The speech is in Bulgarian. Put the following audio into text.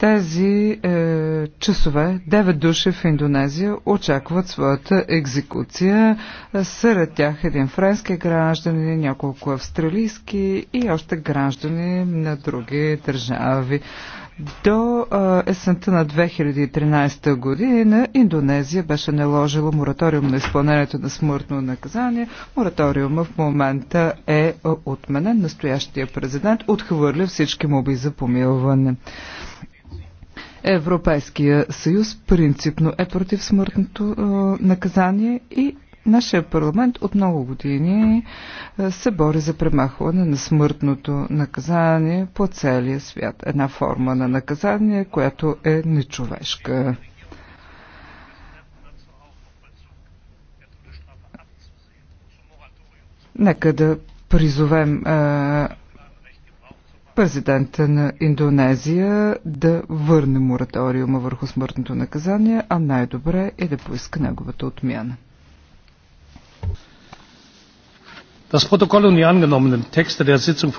тези е, часове 9 души в Индонезия очакват своята екзекуция. Сред тях един френски граждани, няколко австралийски и още граждани на други държави. До е, есента на 2013 година Индонезия беше наложила мораториум на изпълнението на смъртно наказание. Мораториума в момента е отменен. Настоящия президент отхвърля всички моби за помилване. Европейския съюз принципно е против смъртното е, наказание и Нашия парламент от много години е, се бори за премахване на смъртното наказание по целия свят. Една форма на наказание, която е нечовешка. Нека да призовем е, президента на Индонезия да върне мораториума върху смъртното наказание, а най-добре е да поиска неговата отмяна. Das Protokoll und die angenommenen Texte der Sitzung